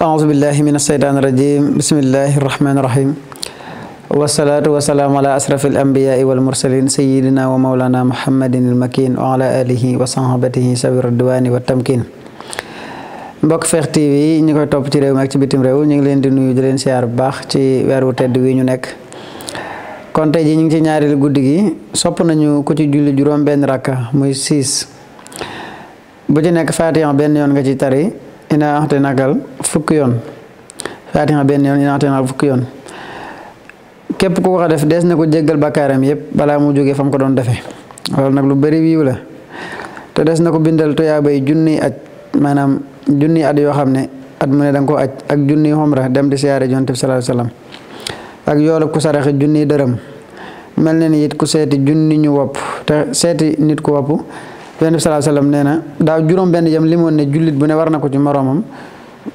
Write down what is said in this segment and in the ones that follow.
أعوذ بالله من الشيطان الرجيم بسم الله الرحمن الرحيم والصلاة والسلام على أشرف الأنبياء والمرسلين سيدنا ومولانا محمد المكين وعلى آله وصحبه سبيل الردوان والتمكين mbokk Fekh TV ñi koy topp ci réew mi ci bitim réew ñu ngi leen di nuyu di leen siyaar bu baax ci weer wu tedd wi ñu nekk kon tey ji ñu ngi ci ñaareelu guddi gi sopp nañu ku ci julli juróom benn rakka muy siis bu ci nekk fatiha benn yoon nga ci tari ina axte fukki yoon faatiha benn yoon inaatiha fukki yoon képp ku ko def dees na ko jéggal bakkaaram yëpp balaa mu jóge fa ko doon defee loolu nag lu bëri wiiw la te des na ko bindal tuyaabay junniy at maanaam junni at yoo xam ne at mu ne da nga koo aj ak junniy xomra dem di siyaare Yonent bi sallallahu ak yoolu ku saraxe junniy dërëm mel na ni it ku seeti junni ñu wopp te seeti nit ku wopp Yonent bi sallallahu alayhi nee na daaw juróom benn yam limoon ne bu ne war na ko ci moroomam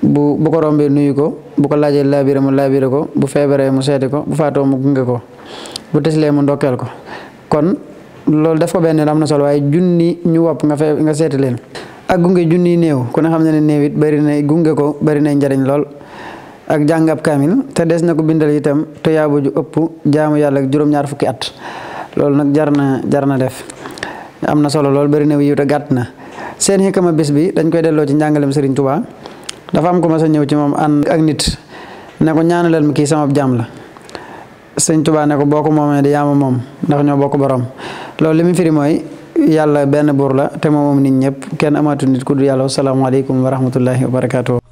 bu bu ko rombee nuyu ko bu ko laajee laabire mu laabire ko bu feebaree mu seeti ko bu faatoo mu gunge ko bu tëslee mu ndokkeel ko kon loolu def ko benn am na solo waaye junni ñu wopp nga fee nga seeti leen. ak gunge junni néew ku ne xam ne ne néew it bëri na gunge ko bëri na njariñ lool ak jàngab kaamil te des na ko bindal itam te yaabu ju ëpp jaamu yàlla ak juróom fukki at loolu nag jar na jar na def am na solo lool bëri na yiw gàtt na seen xikama bis bi dañ koy delloo ci njàngalem Serigne Touba. dafa am ko mas a ñëw ci moom an ak nit ne ko ñaanalal ma kii sama jaam la sëñ Tuubaa ne ko boo ko moomee di yaama moom ndax ñoo bokk borom loolu li mu firi mooy yàlla benn buur la te moom moom nit ñëpp kenn amaatu nit ku du yàlla wasalaamaaleykum wa rahmatullahi wa